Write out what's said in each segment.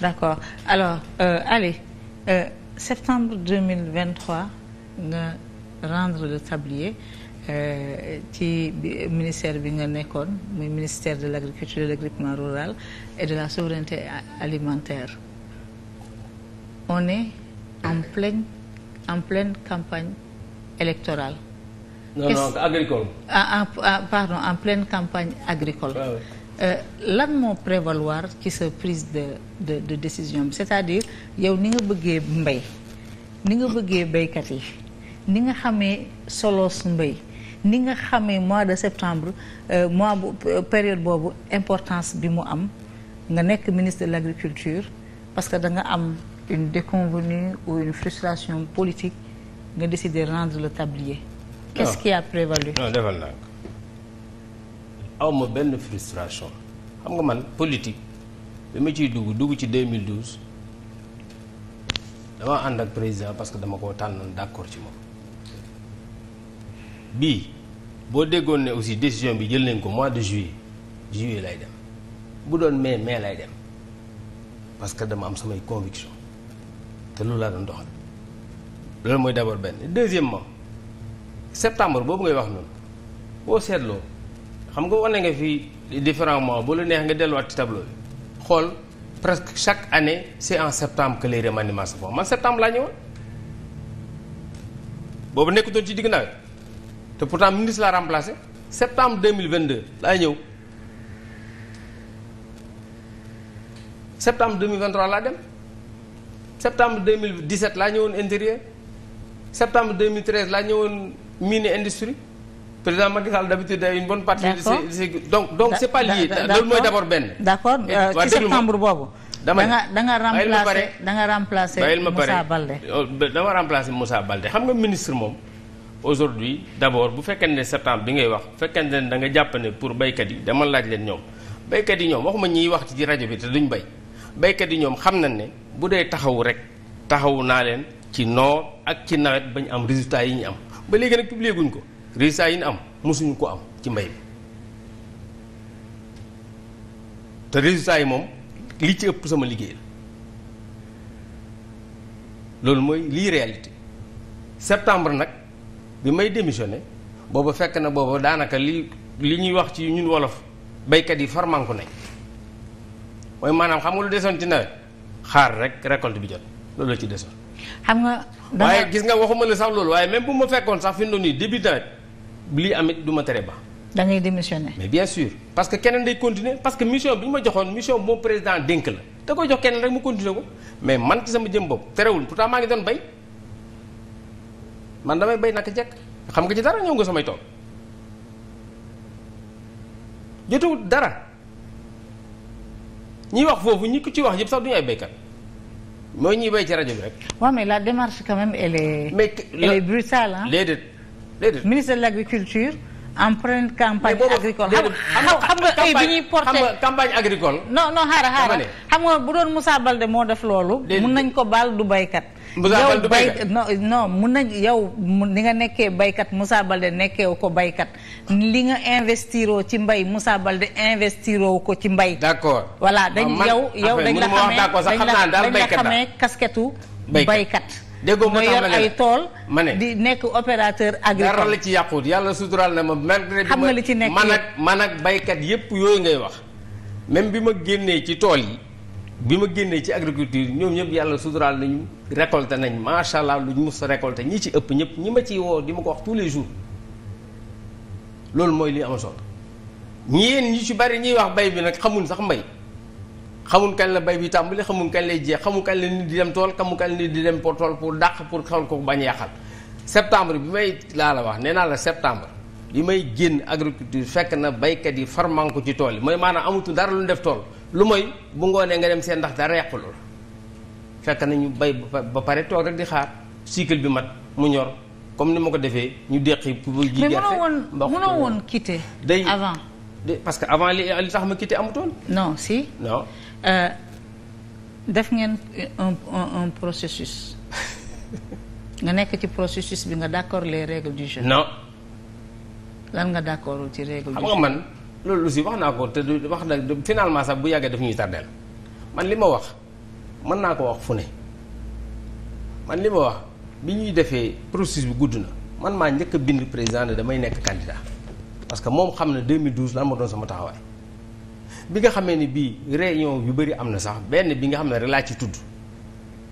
d'accord alors euh, allez euh, septembre 2023 nga rendre le tablier euh, ci ministère bi nga nekkoon muy ministère de l'agriculture de l'équipement rural et de la souveraineté alimentaire on est en pleine en pleine campagne électorale. non non agricole. Ah, ah, ah, en, en, pardon pleine campagne agricole. Euh, lan moo prévaloir ci sa prise de de de décision bi c'est-à-dire yow ni nga bëggee mbay ni nga bëggee baykat yi ni nga xamee solos mbay ni nga xamee mois de septembre euh, mois bu euh, période boobu importance bi mu am nga nekk ministre de l'agriculture parce que da nga am une déconvenue ou une frustration politique nga décider rendre le tablier. qu'est-ce ah. qui a prévalu. aw ma benn frustration xam nga man politique bi ma ciy dugg dugg ci 2012 dama ànd ak président parce que dama koo tànnoon d'accord ci moom bii boo déggoon ne aussi décision bi jël nañ ko mois de juillet juillet lay dem bu doon mai mai lay dem parce que dama am samay conviction te loolu laa doon doxal loolu mooy d'abord benn deuxièmement septembre boobu ngay wax noonu boo seetloo xam nga wane nga fi différents mois bu la neex nga delluwaat ci tableau bi xool presque chaque année c'est en septembre que les remaniements se font man septembre laa ñëwoon boobu nekkutoon ci digg nawet te pourtant ministre laa remplacé septembre 2022 laa ñëw septembre 2023 laa dem septembre 2017 laa ñëwoon intérieur septembre 2013 laa ñëwoon mine industrie président Macky Sall d'habitude day une bonne partie. de ses donc donc c'est pas euh, boobu. dama da nga da nga remplacer da nga remplacer Moussa Balde. Oh, dama remplacer Moussa Balde xam nga ministre moom. aujourd'hui d'abord bu fekkente ne septembre bi ngay wax bu fekkente ne da nga pour baykat yi dama laaj leen ñoom baykat yi ñoom waxuma ñiy wax ci rajo bi te duñ bay baykat yi ñoom xam nañ ne bu dee taxaw rek taxawu naa leen ci noor ak ci nawet ñu am résultats yi ñu am ba léegi nag publier guñ ko. résultats yi ñu am mosuñu ko am ci mbay bi te résultats yi moom li ci ëpp sama liggéey la loolu mooy lii réalité septembre nag bi may démissionné booba fekk na booba daanaka li li ñuy wax ci ñun wolof baykat yi farmanku nañ mooy maanaam xam nga lu desoon ci nawet xaar rek récolte bi jot loolu la ci desoon. xam nga. waaye gis nga waxuma la sax loolu waaye même bu ma fekkoon sax fi nii début nawet. lii amit du ma tere ba. da ngay démissionner. mais bien sûr parce que keneen day continuer parce que mission bi ñu ma joxoon mission moom président dénk la da koy jox keneen rek mu continuer ko mais man ci sama jëm bopp terewul pourtant maa ngi doon bay man damay bay naka jekk xam nga ci dara ñëw nga samay tool jotewul dara ñiy wax foofu ñi ko ci wax yëpp sax du ñu ay béykat. mooy ñuy bay ci rajo bi rek. waa mais la démarche quand même elle est. mais ministre de l'agriculture en pleine campagne agricole xam nga ay eh, bi ñuy porté campagne agricole non non xaara xaara xam nga bu doon Moussa Balde moo def loolu mun nañ ko baal du baykat yow bay non non mun nañ yow li nga nekkee baykat Moussa Balde nekkee ko baykat li nga investiroo ci mbay Moussa Balde investiroo ko ci mbay d'accord voilà dañ yow yow dañ la xamee dañ la xamee kasketu baykat déggoo ma yor ay tool. ma ne di nekk opérateur agricole. dara la ci yàquut yàlla suturaal na ma. xam nga li ci nekk man ak man ak baykat yépp yooyu ngay wax. même bi ma génnee ci tool yi bi ma génnee ci agriculture ñoom ñëpp yàlla suturaal nañu récolté nañ macha allah lu ñu mus a récolté ñi ci ëpp ñëpp ñi ma ciy woo di ma ko wax tous les jours loolu mooy li am solo ñi yéen ñu ci bari ñuy wax bay bi nag xamuñ sax mbay. xamuñ kañ la bay bi tàmbali xamuñ kañ lay jeex xamuñ kañ la nit di dem tool xamuñ kañ la nit di dem tool pour dàq pour xawl ko bañ yàqal septembre bi may laa la wax nee naa la septembre bi may génn agriculture fekk na baykat yi farmanku ci tool yi mooy maanaam amatu dara lu def tool lu mooy bu ngoonee nga dem seen ndax dara yàqulu la fekk na ñu bay ba pare toog rek di xaar cycle bi mat mu ñor comme ni ma ko defee ñu deqi pour ji gerte mais mënoo woon quitter avant day parce que avant li li tax ma quitter amutoon non si non Euh, def ngeen un un processus nga nekk ci processus bi nga d'accord les règles du jeu. non. lan nga d'accordul ci règle du jeu. xam man loolu aussi wax naa ko te du wax na finalement sax bu yàggee daf ñuy tardeel man li ma wax mën naa ko wax fu ne man li ma wax bi ñuy defee processus bi gudd na man maa njëkk a bind président ne damay nekk candidat parce que moom xam ne 2012 lan ma doon sama taxawaay. bi nga xamee ni bii réunion yu bari am na sax benn bi nga xam ne rek laa ci tudd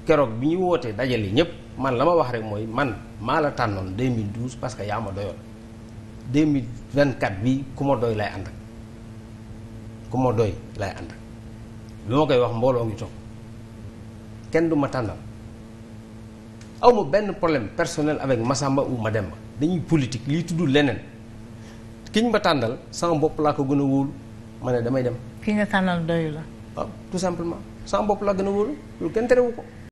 keroog bi ñuy wootee dajale ñëpp man la ma wax rek mooy man maa la tànnoon 2012 parce que yaa ma doyoon 2024 bi ku ma doy lay ànd ak ku ma doy lay ànd ak lu ma koy wax mbooloo ngi toog kenn du ma tànnal aw benn problème personnel avec Massamba dem Mademba dañuy politique liy tudd leneen kiñ ma tàndal sama bopp laa ko gën a wóolu. ma ne damay dem. ki nga tànnal doyu la. waaw ah, tout simplement sama bopp laa gën a wóolu lu kenn terewu ko.